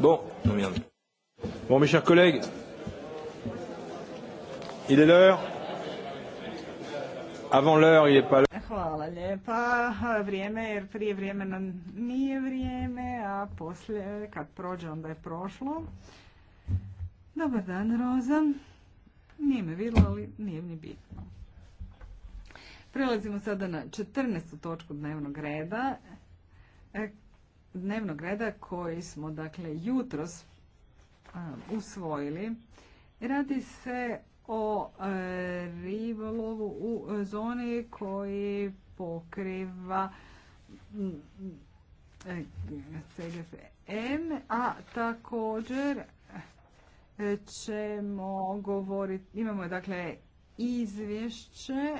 Bon, non, merde. Bon, mes chers collègues, il est l'heure. Avant l'heure, il n'est pas l'heure. Hvala lijepa. Vrijeme, jer prije vremena nije vrijeme, a poslije, kad prođe, onda je prošlo. Dobar dan, Roza. Nije me vidjela, ali nije mi bitno. Prelazimo sada na 14. točku dnevnog reda dnevnog reda koji smo dakle jutros usvojili radi se o e, ribolovu u zoni koji pokriva CGFM, e, a također e, ćemo govoriti, imamo dakle izvješće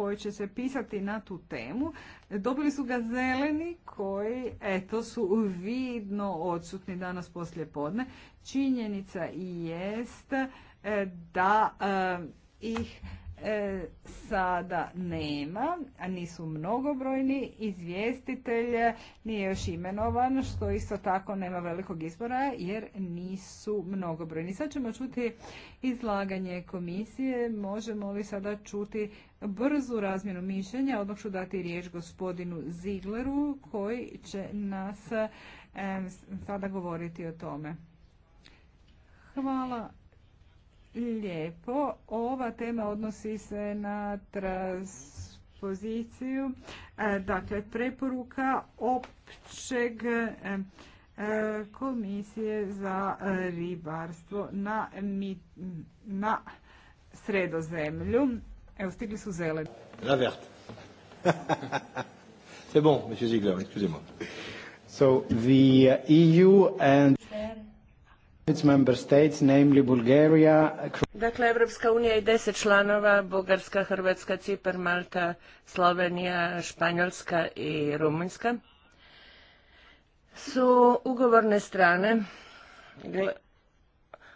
koji će se pisati na tu temu. Dobili su ga zeleni koji, eto, su vidno odsutni danas poslije podne. Činjenica i jest e, da e, ih e, sada nema, a nisu mnogobrojni, izvjestitelj nije još imenovan, što isto tako nema velikog izbora jer nisu mnogobrojni. Sad ćemo čuti izlaganje komisije, možemo li sada čuti brzu razmjenu mišljenja. Odmah ću dati riječ gospodinu Zigleru koji će nas sada govoriti o tome. Hvala lijepo. Ova tema odnosi se na transpoziciju, e, dakle preporuka općeg e, komisije za e, ribarstvo na, na sredozemlju Evo, stigli su zeleni. La verte. C'est bon, monsieur Ziegler, excusez-moi. So the uh, EU and its member states, namely Bulgaria. Dakle, Evropska unija i deset članova, Bugarska, Hrvatska, Cipar, Malta, Slovenija, Španjolska i Rumunjska, su ugovorne strane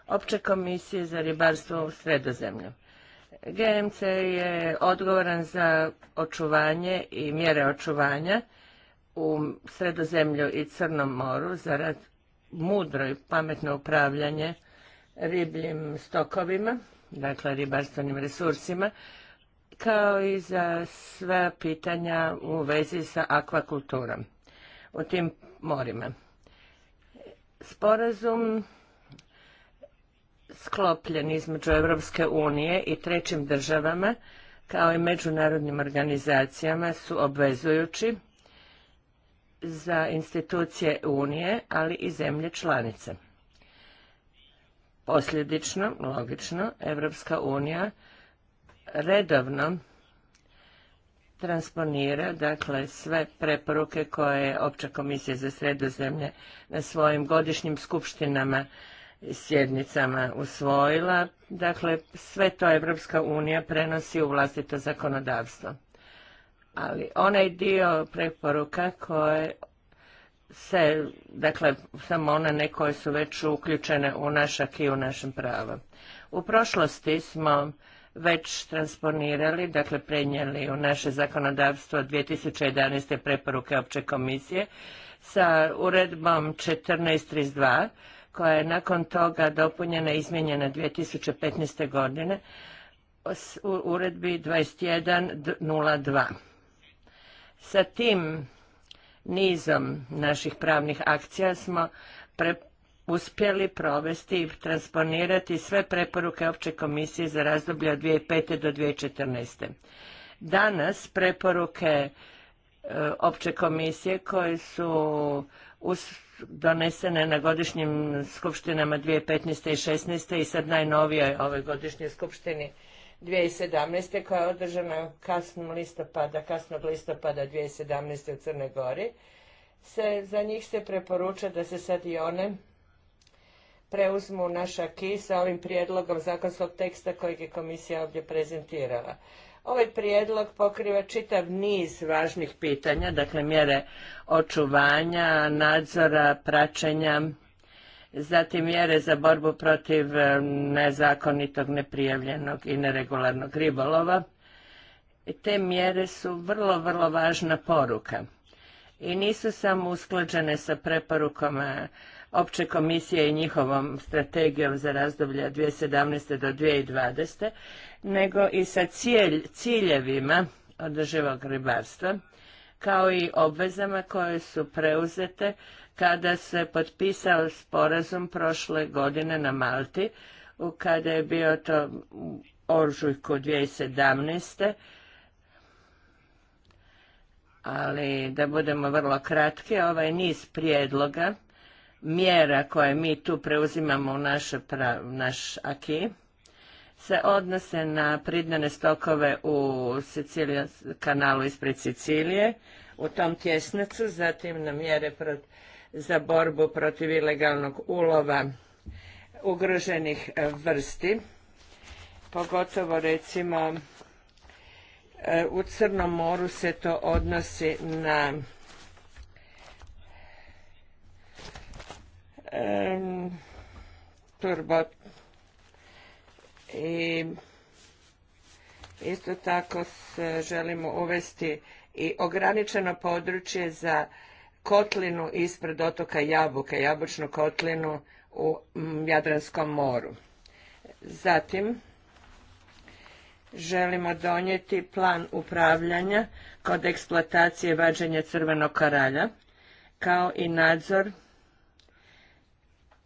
opće komisije za ribarstvo u sredozemlju. GMC je odgovoran za očuvanje i mjere očuvanja u Sredozemlju i Crnom moru zarad mudro i pametno upravljanje ribljim stokovima, dakle ribarstvenim resursima, kao i za sva pitanja u vezi sa akvakulturom u tim morima. Sporazum sklopljen između Europske unije i trećim državama kao i međunarodnim organizacijama su obvezujući za institucije Unije, ali i zemlje članice. Posljedično, logično, Evropska unija redovno transponira dakle sve preporuke koje je Opća komisija za sredozemlje na svojim godišnjim skupštinama sjednicama usvojila. Dakle, sve to Evropska unija prenosi u vlastito zakonodavstvo. Ali onaj dio preporuka koje se, dakle, samo one ne koje su već uključene u našak i u našem pravo. U prošlosti smo već transponirali, dakle prenijeli u naše zakonodavstvo 2011. preporuke opće komisije sa uredbom 1432 koja je nakon toga dopunjena i izmijenjena 2015. godine u uredbi 2102. Sa tim nizom naših pravnih akcija smo uspjeli provesti i transponirati sve preporuke Opće komisije za razdoblje od 2005. do 2014. Danas preporuke e, Opće komisije koje su donesene na godišnjim skupštinama 2015. i 2016. i sad najnovije ove godišnje skupštini 2017. koja je održana kasnog listopada, kasnog listopada 2017. u Crnoj Gori. Se, za njih se preporuča da se sad i one preuzmu naša ki sa ovim prijedlogom zakonskog teksta kojeg je komisija ovdje prezentirala. Ovaj prijedlog pokriva čitav niz važnih pitanja, dakle mjere očuvanja, nadzora, praćenja, zatim mjere za borbu protiv e, nezakonitog, neprijavljenog i neregularnog ribolova. Te mjere su vrlo, vrlo važna poruka i nisu samo usklađene sa preporukama opće komisije i njihovom strategijom za razdoblje 2017. do 2020. nego i sa ciljevima održivog ribarstva kao i obvezama koje su preuzete kada se potpisao sporazum prošle godine na Malti, kada je bio to u ožujku 2017. Ali da budemo vrlo kratki, ovaj niz prijedloga mjera koje mi tu preuzimamo u naš aki se odnose na pridnene stokove u kanalu ispred Sicilije, u tom tjesnacu, zatim na mjere za borbu protiv ilegalnog ulova ugroženih e, vrsti, pogotovo recimo e, u Crnom moru se to odnosi na turbo i isto tako želimo uvesti i ograničeno područje za kotlinu ispred otoka Jabuke, jabučnu kotlinu u Jadranskom moru. Zatim, želimo donijeti plan upravljanja kod eksploatacije vađenja crvenog koralja, kao i nadzor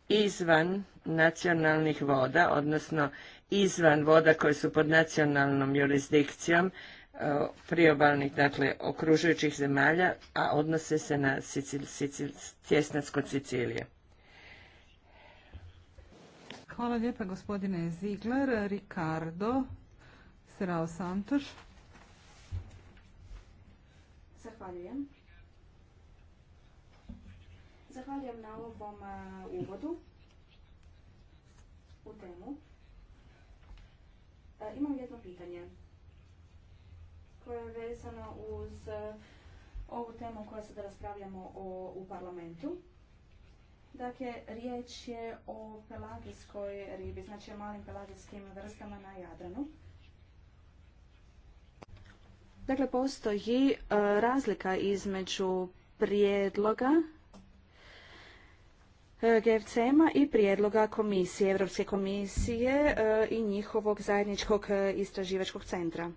izvan nacionalnih voda, odnosno izvan voda koje su pod nacionalnom jurisdikcijom e, priobalnih, dakle, okružujućih zemalja, a odnose se na Sicil, Sicil, Sicilije. Hvala lijepa gospodine Ziglar, Ricardo, Serao Santoš. Zahvaljujem. Zahvaljujem na ovom uvodu u temu. E, imam jedno pitanje koje je vezano uz e, ovu temu koju sada raspravljamo u parlamentu. Dakle, riječ je o pelagijskoj ribi, znači o malim pelagijskim vrstama na Jadranu. Dakle, postoji e, razlika između prijedloga E, GFCM-a i prijedloga komisije, Europske komisije e, i njihovog zajedničkog e, istraživačkog centra.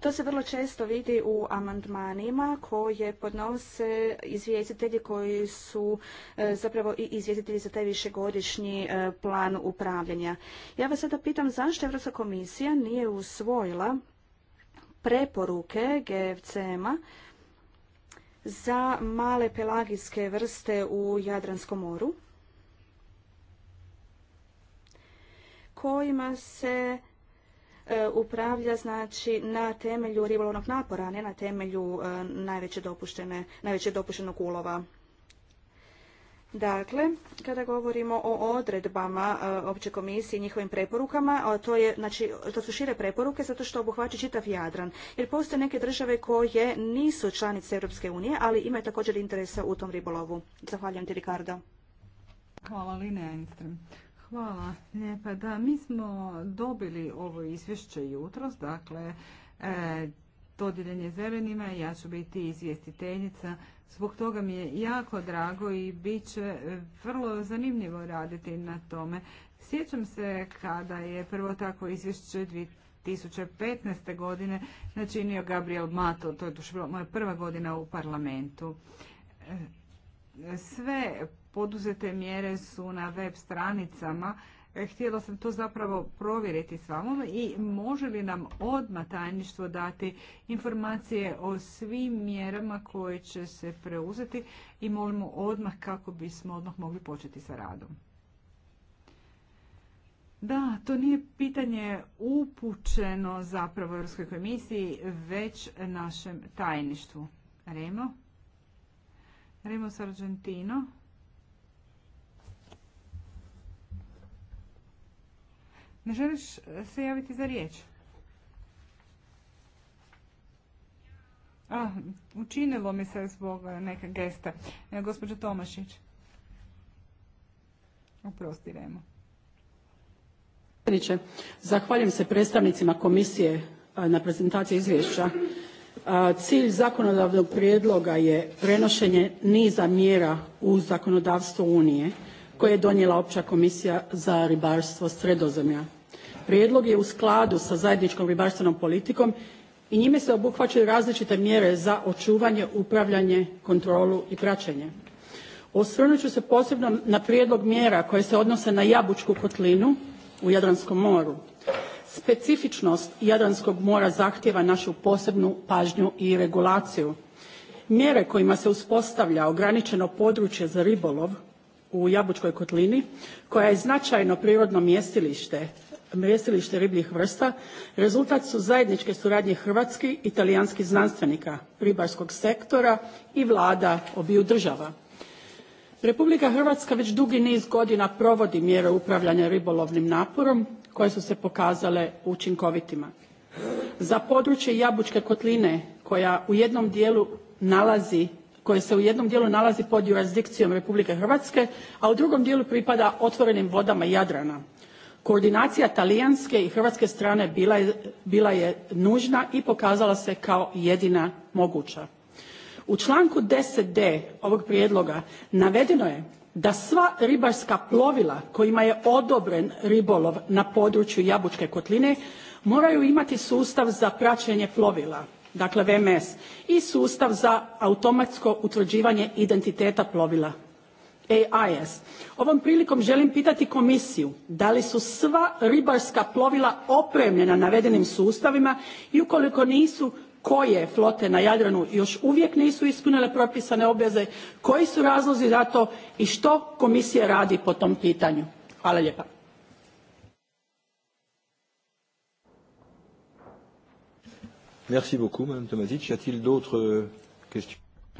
To se vrlo često vidi u amandmanima koje podnose izvjestitelji koji su zapravo i izvjestitelji za taj višegodišnji plan upravljanja. Ja vas sada pitam zašto Europska komisija nije usvojila preporuke GFCM-a za male pelagijske vrste u Jadranskom moru kojima se e, upravlja znači na temelju ribolovnog napora, a ne na temelju e, najveće dopuštenog ulova. Dakle, kada govorimo o odredbama e, opće komisije i njihovim preporukama, to, je, znači, to su šire preporuke zato što obuhvaća čitav Jadran. Jer postoje neke države koje nisu članice Europske unije, ali imaju također interesa u tom ribolovu. Zahvaljujem ti, Ricardo. Hvala, Lina Hvala lijepa. Da, mi smo dobili ovo izvješće jutros, dakle, e, zelenima, ja ću biti izvjestiteljica Zbog toga mi je jako drago i bit će e, vrlo zanimljivo raditi na tome. Sjećam se kada je prvo tako izvješće 2015. godine načinio Gabriel Mato, to je bila moja prva godina u parlamentu. E, sve poduzete mjere su na web stranicama E, htjela sam to zapravo provjeriti s vama i može li nam odmah tajništvo dati informacije o svim mjerama koje će se preuzeti i molimo odmah kako bismo odmah mogli početi sa radom. Da, to nije pitanje upućeno zapravo Europskoj komisiji, već našem tajništvu. Remo? Remo Sargentino? Ne želiš se javiti za riječ? Ah, učinilo mi se zbog neke gesta. E, Tomašić. Oprosti, Zahvaljujem se predstavnicima komisije e, na prezentaciji izvješća. E, cilj zakonodavnog prijedloga je prenošenje niza mjera u zakonodavstvo Unije koje je donijela Opća komisija za ribarstvo sredozemlja prijedlog je u skladu sa zajedničkom ribarstvenom politikom i njime se obuhvaćaju različite mjere za očuvanje, upravljanje, kontrolu i praćenje. Osvrnut ću se posebno na prijedlog mjera koje se odnose na Jabučku kotlinu u Jadranskom moru. Specifičnost Jadranskog mora zahtjeva našu posebnu pažnju i regulaciju. Mjere kojima se uspostavlja ograničeno područje za ribolov u Jabučkoj kotlini, koja je značajno prirodno mjestilište mrjestilište ribljih vrsta rezultat su zajedničke suradnje hrvatskih i talijanskih znanstvenika ribarskog sektora i vlada obiju država republika hrvatska već dugi niz godina provodi mjere upravljanja ribolovnim naporom koje su se pokazale učinkovitima za područje jabučke kotline koja u jednom dijelu nalazi koje se u jednom dijelu nalazi pod jurisdikcijom Republike Hrvatske, a u drugom dijelu pripada otvorenim vodama Jadrana koordinacija talijanske i hrvatske strane bila je, nužna i pokazala se kao jedina moguća u članku 10d ovog prijedloga navedeno je da sva ribarska plovila kojima je odobren ribolov na području jabučke kotline moraju imati sustav za praćenje plovila dakle vms i sustav za automatsko utvrđivanje identiteta plovila AIS. Ovom prilikom želim pitati komisiju da li su sva ribarska plovila opremljena navedenim sustavima i ukoliko nisu koje flote na Jadranu još uvijek nisu ispunile propisane obveze, koji su razlozi za to i što komisija radi po tom pitanju. Hvala lijepa.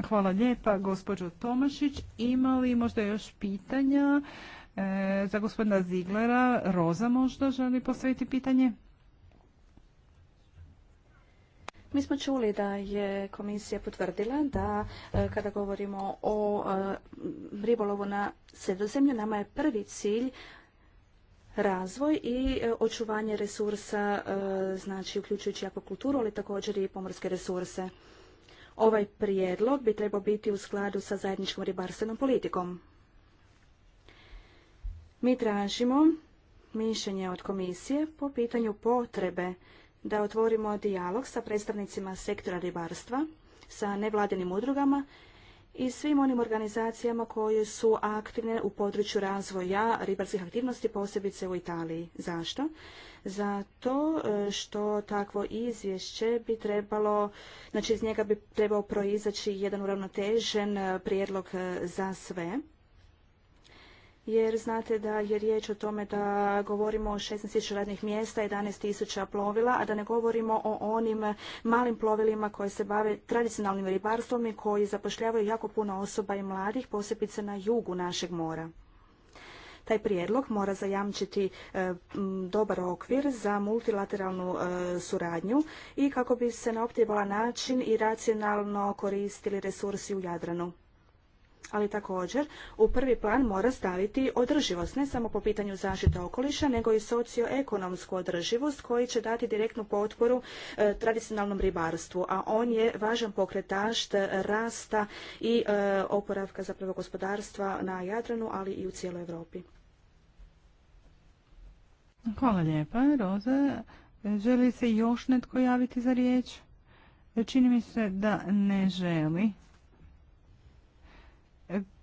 Hvala lijepa, gospođo Tomašić. Ima li možda još pitanja e, za gospodina Ziglera? Roza možda želi postaviti pitanje? Mi smo čuli da je komisija potvrdila da e, kada govorimo o e, ribolovu na sredozemlju, nama je prvi cilj razvoj i očuvanje resursa, znači uključujući akvakulturu, ali također i pomorske resurse. Ovaj prijedlog bi trebao biti u skladu sa zajedničkom ribarstvenom politikom. Mi tražimo mišljenje od komisije po pitanju potrebe da otvorimo dijalog sa predstavnicima sektora ribarstva, sa nevladinim udrugama i svim onim organizacijama koje su aktivne u području razvoja ribarskih aktivnosti, posebice u Italiji. Zašto? zato e, što takvo izvješće bi trebalo, znači iz njega bi trebao proizaći jedan uravnotežen e, prijedlog e, za sve jer znate da je riječ o tome da govorimo o 16.000 radnih mjesta, 11.000 plovila, a da ne govorimo o onim malim plovilima koje se bave tradicionalnim ribarstvom i koji zapošljavaju jako puno osoba i mladih, posebice na jugu našeg mora. Taj prijedlog mora zajamčiti e, dobar okvir za multilateralnu e, suradnju i kako bi se na optimalan način i racionalno koristili resursi u Jadranu ali također u prvi plan mora staviti održivost, ne samo po pitanju zaštite okoliša, nego i socioekonomsku održivost koji će dati direktnu potporu e, tradicionalnom ribarstvu, a on je važan pokretašt rasta i oporavka zapravo gospodarstva na Jadranu, ali i u cijeloj Europi. Hvala lijepa, Roza. Želi se još netko javiti za riječ? Čini mi se da ne želi.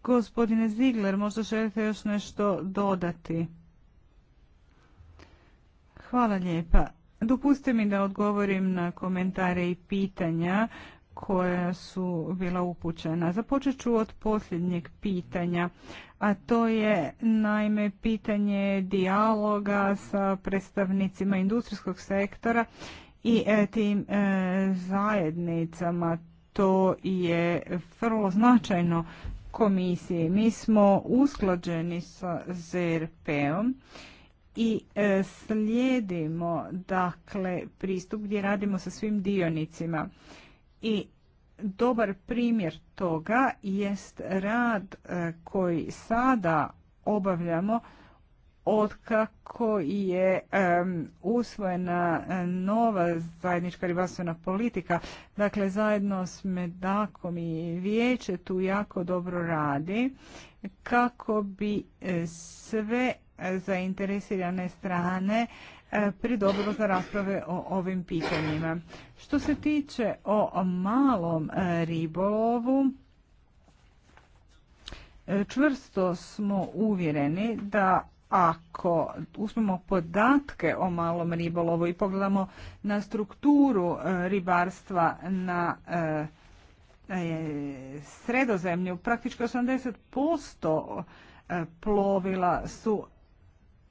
Gospodine Zigler, možda želite još nešto dodati? Hvala lijepa. Dopustite mi da odgovorim na komentare i pitanja koja su bila upućena. Započet ću od posljednjeg pitanja, a to je naime pitanje dijaloga sa predstavnicima industrijskog sektora i e, tim e, zajednicama. To je vrlo značajno komisiji. Mi smo usklađeni sa ZRP-om i e, slijedimo dakle pristup gdje radimo sa svim dionicima. I dobar primjer toga jest rad e, koji sada obavljamo od kako je usvojena e, nova zajednička ribarstvena politika. Dakle, zajedno s Medakom i Vijeće tu jako dobro radi kako bi e, sve zainteresirane strane E, pridobilo za rasprave o ovim pitanjima. Što se tiče o malom e, ribolovu, e, čvrsto smo uvjereni da ako uzmemo podatke o malom ribolovu i pogledamo na strukturu ribarstva na sredozemlju, praktički 80% plovila su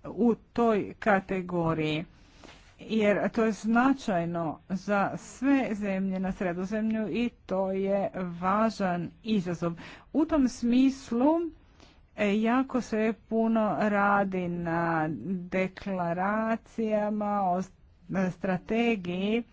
u toj kategoriji jer to je značajno za sve zemlje na sredozemlju i to je važan izazov. U tom smislu e, jako se puno radi na deklaracijama, o strategiji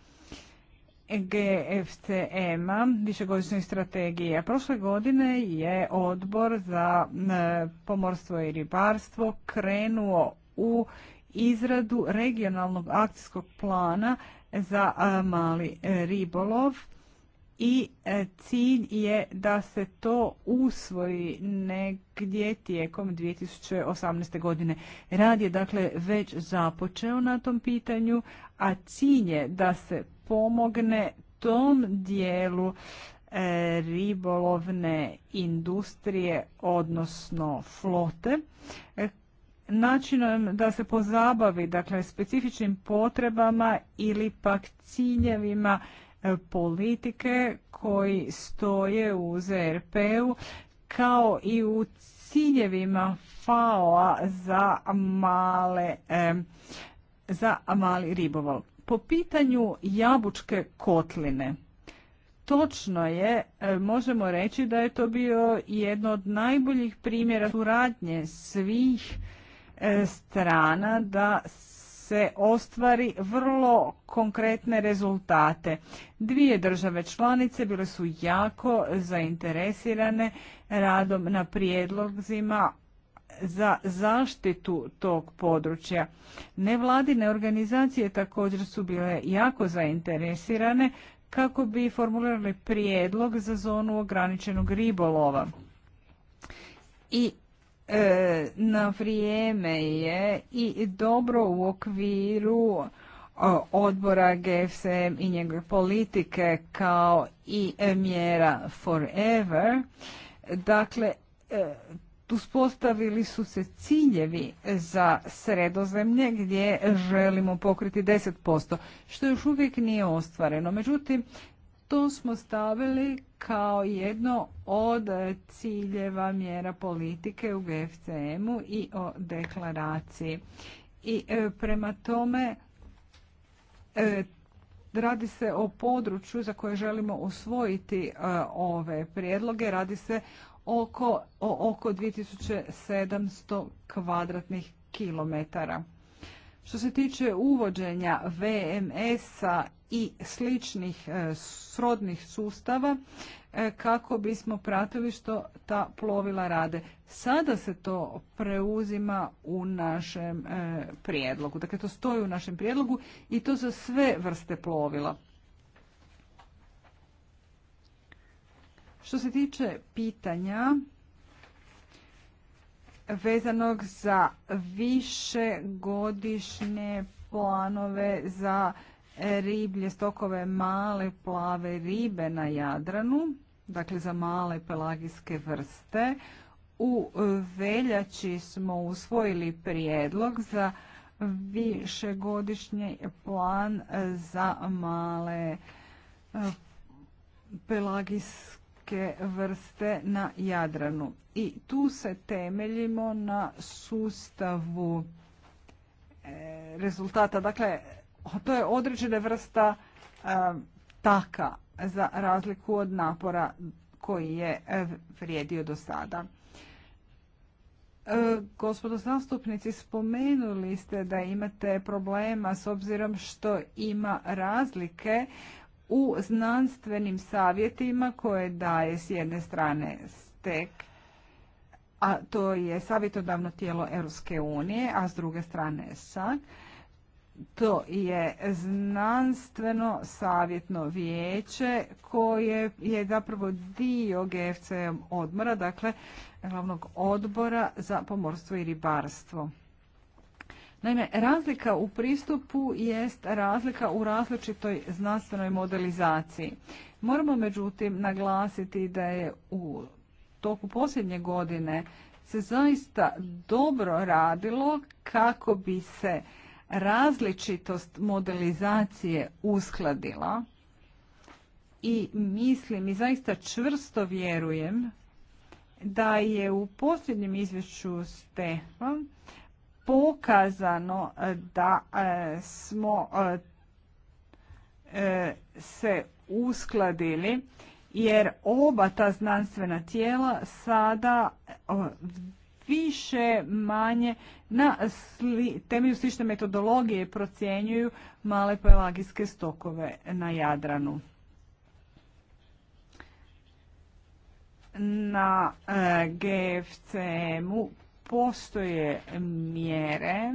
GFCM-a, višegodišnjoj strategiji. A prošle godine je odbor za e, pomorstvo i ribarstvo krenuo u izradu regionalnog akcijskog plana za e, mali ribolov i e, cilj je da se to usvoji negdje tijekom 2018. godine. Rad je dakle već započeo na tom pitanju, a cilj je da se pomogne tom dijelu e, ribolovne industrije, odnosno flote, e, načinom da se pozabavi dakle, specifičnim potrebama ili pak ciljevima e, politike koji stoje u ZRP-u kao i u ciljevima FAO-a za, za mali ribolov. Po pitanju jabučke kotline, točno je, e, možemo reći da je to bio jedno od najboljih primjera suradnje svih e, strana da se ostvari vrlo konkretne rezultate. Dvije države članice bile su jako zainteresirane radom na prijedlozima za zaštitu tog područja. Nevladine organizacije također su bile jako zainteresirane kako bi formulirali prijedlog za zonu ograničenog ribolova. I e, na vrijeme je i dobro u okviru e, odbora GFSM i njegove politike kao i mjera Forever. Dakle, e, uspostavili su se ciljevi za sredozemlje gdje želimo pokriti 10%, što još uvijek nije ostvareno. Međutim, to smo stavili kao jedno od ciljeva mjera politike u GFCM-u i o deklaraciji. I e, prema tome e, radi se o području za koje želimo usvojiti e, ove prijedloge, radi se oko, o, oko 2700 kvadratnih kilometara. Što se tiče uvođenja VMS-a i sličnih e, srodnih sustava, e, kako bismo pratili što ta plovila rade. Sada se to preuzima u našem e, prijedlogu. Dakle, to stoji u našem prijedlogu i to za sve vrste plovila. Što se tiče pitanja vezanog za više planove za riblje stokove male plave ribe na Jadranu, dakle za male pelagijske vrste. U veljači smo usvojili prijedlog za višegodišnji plan za male eh, pelagijske vrste na Jadranu. I tu se temeljimo na sustavu e, rezultata. Dakle, to je određena vrsta e, taka za razliku od napora koji je vrijedio do sada. E, gospodo zastupnici, spomenuli ste da imate problema s obzirom što ima razlike u znanstvenim savjetima koje daje s jedne strane STEC, a to je savjetodavno tijelo Europske unije, a s druge strane SAG. To je znanstveno savjetno vijeće koje je zapravo dio GFC odmora, dakle glavnog odbora za pomorstvo i ribarstvo. Naime, razlika u pristupu jest razlika u različitoj znanstvenoj modelizaciji. Moramo međutim naglasiti da je u toku posljednje godine se zaista dobro radilo kako bi se različitost modelizacije uskladila i mislim i zaista čvrsto vjerujem da je u posljednjem izvješću Stefan pokazano e, da e, smo e, se uskladili jer oba ta znanstvena tijela sada više manje na temelju slične metodologije procjenjuju male pelagijske stokove na Jadranu. Na GFCM-u postoje mjere,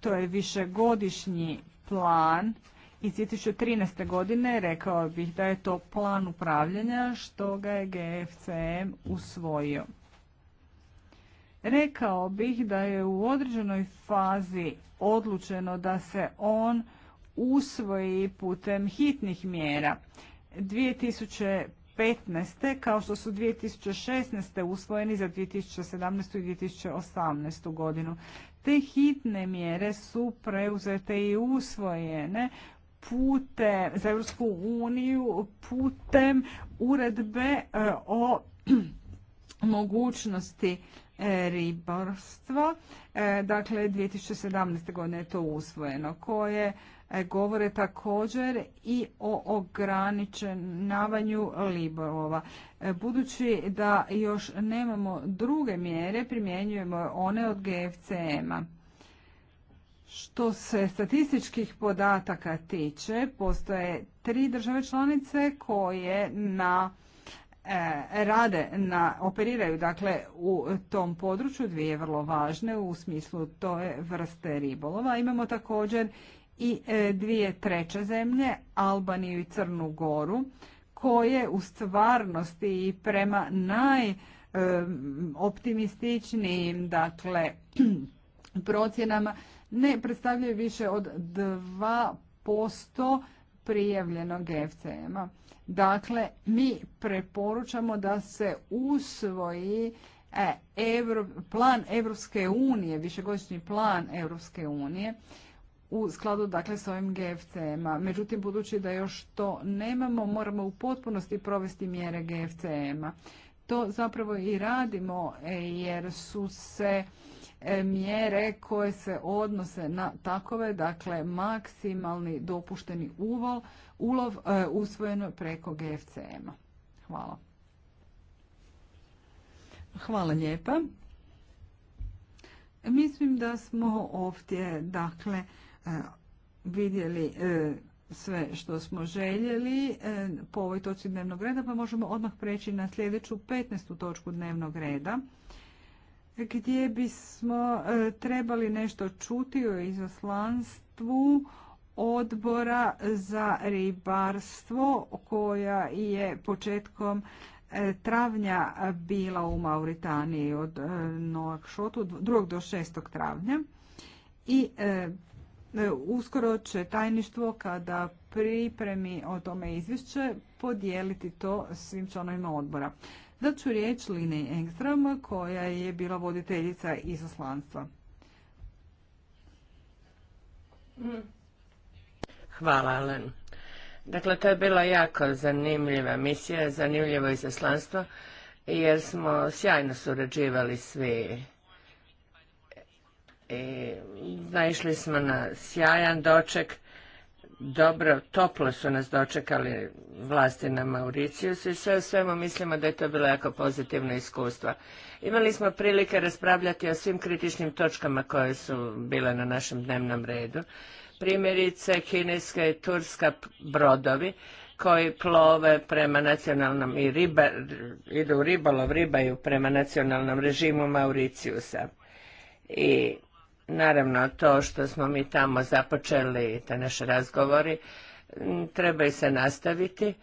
to je višegodišnji plan iz 2013. godine, rekao bih da je to plan upravljanja što ga je GFCM usvojio. Rekao bih da je u određenoj fazi odlučeno da se on usvoji putem hitnih mjera. 2015. kao što su 2016. usvojeni za 2017. i 2018. godinu. Te hitne mjere su preuzete i usvojene putem, za Europsku uniju putem uredbe e, o mogućnosti e, ribarstva. E, dakle, 2017. godine je to usvojeno, koje E, govore također i o ograničenavanju libolova. E, budući da još nemamo druge mjere, primjenjujemo one od GFCM-a. Što se statističkih podataka tiče, postoje tri države članice koje na e, rade na operiraju dakle u tom području dvije vrlo važne u smislu to je vrste ribolova. Imamo također i e, dvije treće zemlje, Albaniju i Crnu Goru, koje u stvarnosti i prema najoptimističnijim e, dakle, procjenama ne predstavljaju više od 2% prijavljenog FCM-a. Dakle, mi preporučamo da se usvoji e, plan Evropske unije, višegodišnji plan Evropske unije, u skladu dakle s ovim GFCM-a. Međutim, budući da još to nemamo, moramo u potpunosti provesti mjere GFCM-a. To zapravo i radimo e, jer su se e, mjere koje se odnose na takove, dakle maksimalni dopušteni uvol, ulov e, usvojeno preko GFCM-a. Hvala. Hvala lijepa. Mislim da smo ovdje, dakle, vidjeli e, sve što smo željeli e, po ovoj točci dnevnog reda, pa možemo odmah preći na sljedeću 15. točku dnevnog reda, gdje bismo e, trebali nešto čuti o izaslanstvu odbora za ribarstvo koja je početkom travnja bila u Mauritaniji od 2. do 6. travnja i E, uskoro će tajništvo kada pripremi o tome izvješće podijeliti to svim članovima odbora. Da ću riječ Lini Engstrom koja je bila voditeljica izaslanstva. Hvala Alen. Dakle, to je bila jako zanimljiva misija, zanimljivo izaslanstvo jer smo sjajno surađivali svi i e, naišli smo na sjajan doček, dobro, toplo su nas dočekali vlasti na Mauricijusu i sve u svemu mislimo da je to bilo jako pozitivno iskustvo. Imali smo prilike raspravljati o svim kritičnim točkama koje su bile na našem dnevnom redu. Primjerice, kineska i turska brodovi koji plove prema nacionalnom i riba, idu u ribolov, ribaju prema nacionalnom režimu Mauricijusa. I Naravno, to što smo mi tamo započeli, te naše razgovori, treba i se nastaviti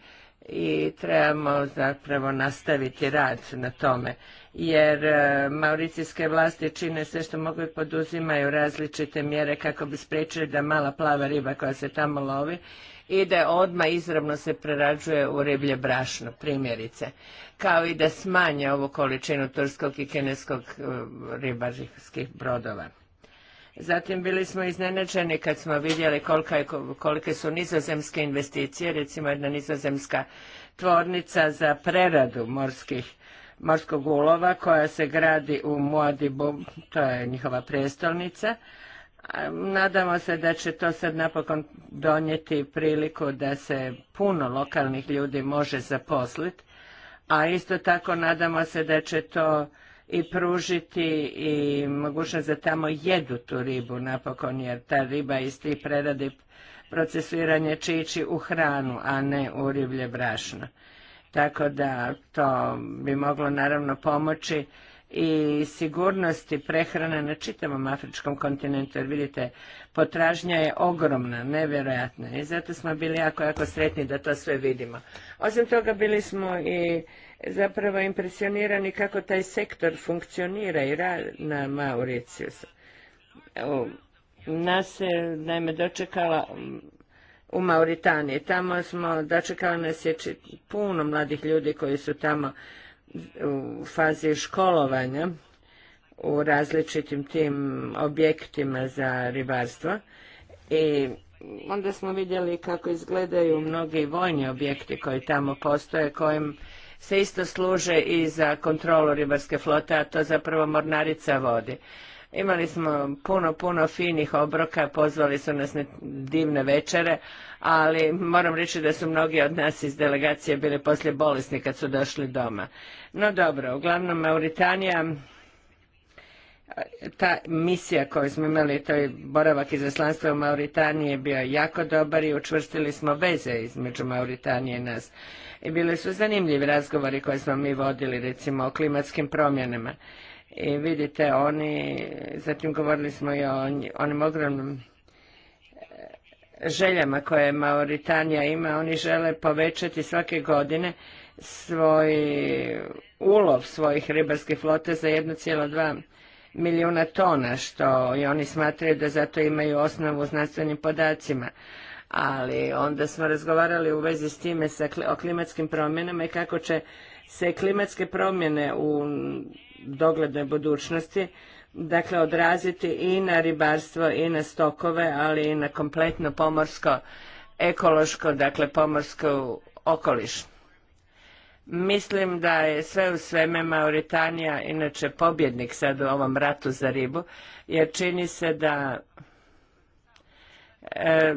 i trebamo zapravo nastaviti rad na tome. Jer e, mauricijske vlasti čine sve što mogu i poduzimaju različite mjere kako bi spriječili da mala plava riba koja se tamo lovi i da odmah izravno se prerađuje u riblje brašno, primjerice. Kao i da smanje ovu količinu turskog i kineskog e, ribarskih brodova. Zatim bili smo iznenađeni kad smo vidjeli kolike su nizozemske investicije, recimo jedna nizozemska tvornica za preradu morskih morskog ulova koja se gradi u Modibu, to je njihova prestolnica. Nadamo se da će to sad napokon donijeti priliku da se puno lokalnih ljudi može zaposliti, a isto tako nadamo se da će to i pružiti i mogućnost da tamo jedu tu ribu napokon, jer ta riba iz tih preradi procesuiranje će ići u hranu, a ne u riblje brašno. Tako da to bi moglo naravno pomoći i sigurnosti prehrane na čitavom afričkom kontinentu, jer vidite, potražnja je ogromna, nevjerojatna i zato smo bili jako, jako sretni da to sve vidimo. Osim toga bili smo i zapravo impresionirani kako taj sektor funkcionira i radi na Mauriciusu. Nas je, naime, dočekala mm, u Mauritaniji. Tamo smo, dočekala nas je puno mladih ljudi koji su tamo u fazi školovanja u različitim tim objektima za ribarstvo i onda smo vidjeli kako izgledaju mnogi vojni objekti koji tamo postoje, kojim se isto služe i za kontrolu ribarske flote, a to zapravo mornarica vodi. Imali smo puno, puno finih obroka, pozvali su nas na divne večere, ali moram reći da su mnogi od nas iz delegacije bili poslije bolesni kad su došli doma. No dobro, uglavnom Mauritanija, ta misija koju smo imali, to je boravak izaslanstva u Mauritaniji je bio jako dobar i učvrstili smo veze između Mauritanije i nas. I bili su zanimljivi razgovori koje smo mi vodili, recimo, o klimatskim promjenama. I vidite, oni, zatim govorili smo i o onim ogromnim e, željama koje Mauritanija ima. Oni žele povećati svake godine svoj ulov svojih ribarskih flote za 1,2 milijuna tona, što i oni smatraju da zato imaju osnovu u znanstvenim podacima ali onda smo razgovarali u vezi s time sa, o klimatskim promjenama i kako će se klimatske promjene u doglednoj budućnosti dakle odraziti i na ribarstvo i na stokove, ali i na kompletno pomorsko, ekološko, dakle pomorsko okoliš. Mislim da je sve u sveme Mauritanija inače pobjednik sad u ovom ratu za ribu, jer čini se da e,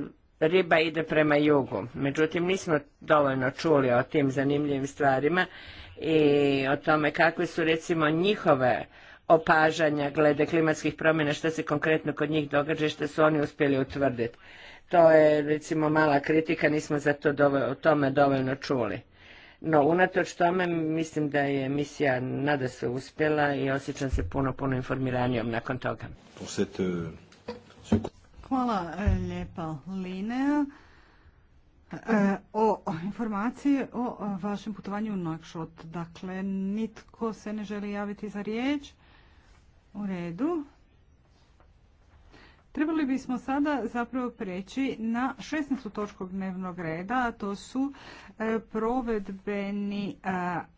riba ide prema jugu. Međutim, nismo dovoljno čuli o tim zanimljivim stvarima i o tome kakve su recimo njihove opažanja glede klimatskih promjena, što se konkretno kod njih događa i što su oni uspjeli utvrditi. To je recimo mala kritika, nismo za to o tome dovoljno čuli. No, unatoč tome, mislim da je misija nada se uspjela i osjećam se puno, puno informiranijom nakon toga. Hvala e, lijepa Linea. E, o informacije o vašem putovanju u Nakšot. Dakle, nitko se ne želi javiti za riječ. U redu. Trebali bismo sada zapravo preći na 16. točku dnevnog reda, a to su e, provedbeni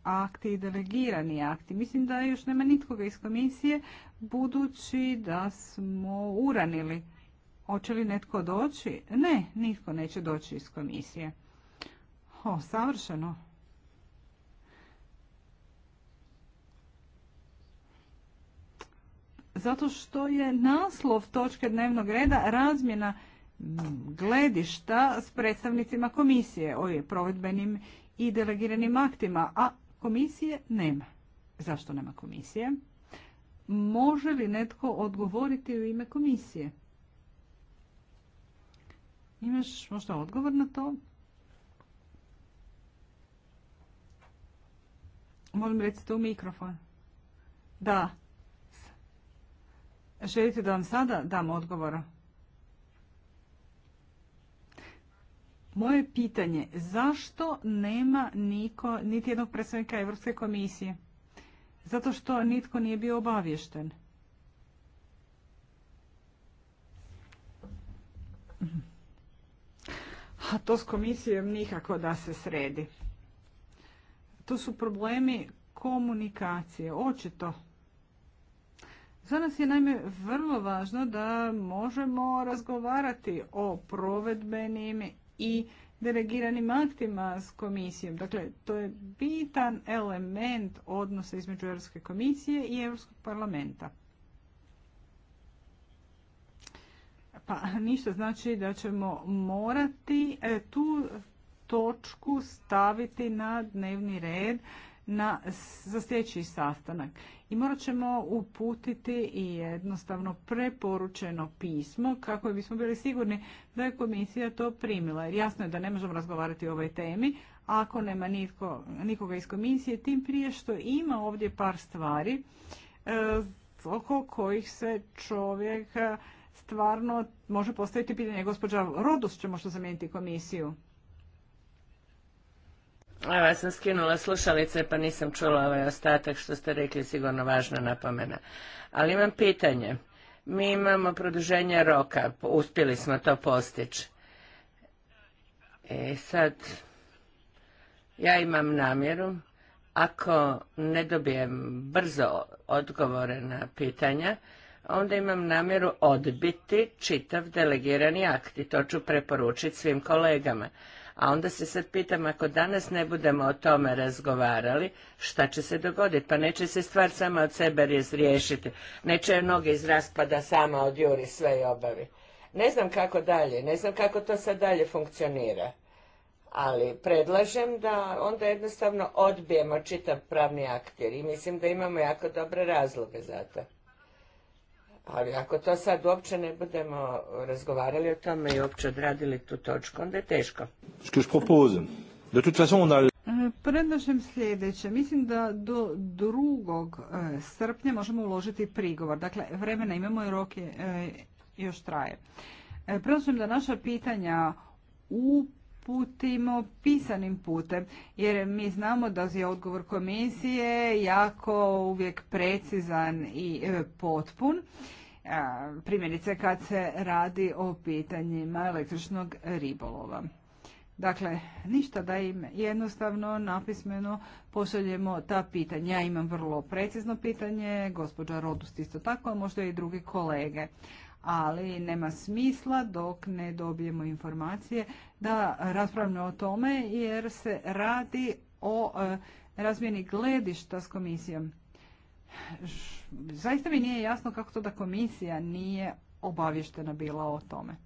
akti i delegirani akti. Mislim da još nema nitkoga iz komisije, budući da smo uranili. Hoće li netko doći? Ne, nitko neće doći iz komisije. O, savršeno. Zato što je naslov točke dnevnog reda razmjena gledišta s predstavnicima komisije o provedbenim i delegiranim aktima, a komisije nema. Zašto nema komisije? Može li netko odgovoriti u ime komisije? Imaš možda odgovor na to? Molim recite u mikrofon. Da. Želite da vam sada dam odgovor? Moje pitanje, zašto nema niko, niti jednog predstavnika Europske komisije? Zato što nitko nije bio obavješten. a to s komisijom nikako da se sredi. To su problemi komunikacije, očito. Za nas je naime vrlo važno da možemo razgovarati o provedbenim i delegiranim aktima s komisijom. Dakle, to je bitan element odnosa između Europske komisije i Europskog parlamenta. Pa ništa znači da ćemo morati e, tu točku staviti na dnevni red na, za sljedeći sastanak. I morat ćemo uputiti i jednostavno preporučeno pismo kako bismo bili sigurni da je komisija to primila. Jer jasno je da ne možemo razgovarati o ovoj temi ako nema nitko, nikoga iz komisije, tim prije što ima ovdje par stvari e, oko kojih se čovjek stvarno može postaviti pitanje. Gospođa Rodus će možda zamijeniti komisiju. Evo, ja sam skinula slušalice pa nisam čula ovaj ostatak što ste rekli, sigurno važna napomena. Ali imam pitanje. Mi imamo produženje roka, uspjeli smo to postići. E sad, ja imam namjeru, ako ne dobijem brzo odgovore na pitanja, onda imam namjeru odbiti čitav delegirani akt i to ću preporučiti svim kolegama. A onda se sad pitam, ako danas ne budemo o tome razgovarali, šta će se dogoditi? Pa neće se stvar sama od sebe riješiti. Neće noge iz raspada sama Juri sve i obavi. Ne znam kako dalje, ne znam kako to sad dalje funkcionira. Ali predlažem da onda jednostavno odbijemo čitav pravni akt, jer i mislim da imamo jako dobre razloge za to. Ali ako to sad uopće ne budemo razgovarali o tome i uopće odradili tu točku, onda je teško. E, predlažem sljedeće. Mislim da do drugog e, srpnja možemo uložiti prigovor. Dakle, vremena imamo i rok je, e, još traje. Predlažem da naša pitanja u uputimo pisanim putem, jer mi znamo da je odgovor komisije jako uvijek precizan i e, potpun. Primjerice kad se radi o pitanjima električnog ribolova. Dakle, ništa da im jednostavno napismeno pošaljemo ta pitanja. Ja imam vrlo precizno pitanje, gospođa Rodust isto tako, a možda i drugi kolege ali nema smisla dok ne dobijemo informacije da raspravljamo o tome jer se radi o e, razmjeni gledišta s komisijom. Zaista mi nije jasno kako to da komisija nije obavještena bila o tome.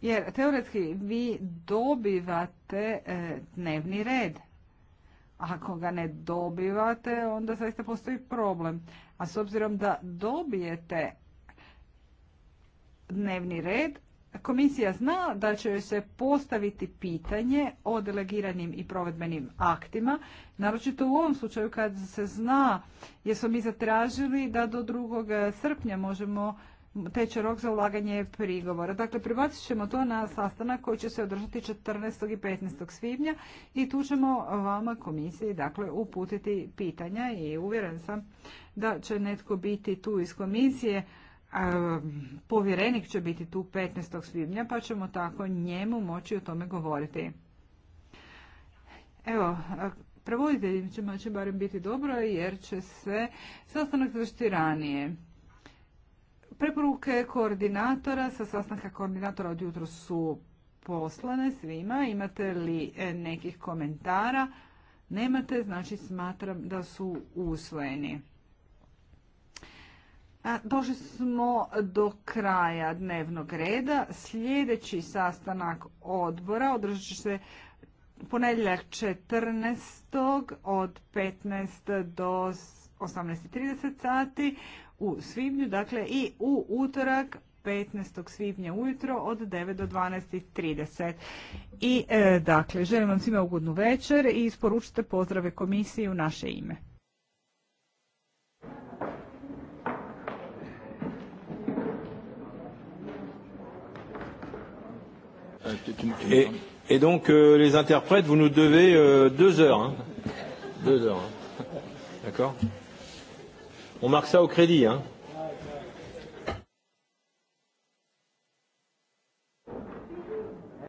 Jer teoretski vi dobivate e, dnevni red. Ako ga ne dobivate, onda zaista postoji problem. A s obzirom da dobijete dnevni red, komisija zna da će joj se postaviti pitanje o delegiranim i provedbenim aktima, naročito u ovom slučaju kad se zna, jer smo mi zatražili da do 2. srpnja možemo teče rok za ulaganje prigovora. Dakle, prebacit ćemo to na sastanak koji će se održati 14. i 15. svibnja i tu ćemo vama komisiji dakle, uputiti pitanja i uvjeren sam da će netko biti tu iz komisije. povjerenik će biti tu 15. svibnja pa ćemo tako njemu moći o tome govoriti. Evo, prevoditeljima će barem biti dobro jer će se sastanak završiti ranije. Preporuke koordinatora sa sastanka koordinatora od jutro su poslane svima. Imate li e, nekih komentara? Nemate, znači smatram da su usvojeni. došli smo do kraja dnevnog reda. Sljedeći sastanak odbora održat će se ponedjeljak 14. od 15 do 18.30 sati u svibnju, dakle i u utorak 15. svibnja ujutro od 9 do 12.30. I e, dakle, želim vam svima ugodnu večer i isporučite pozdrave komisiji u naše ime. Et, et donc euh, les interprètes, vous nous devez euh, deux heures. Hein. Deux heures. D'accord on marque ça au crédit, hein.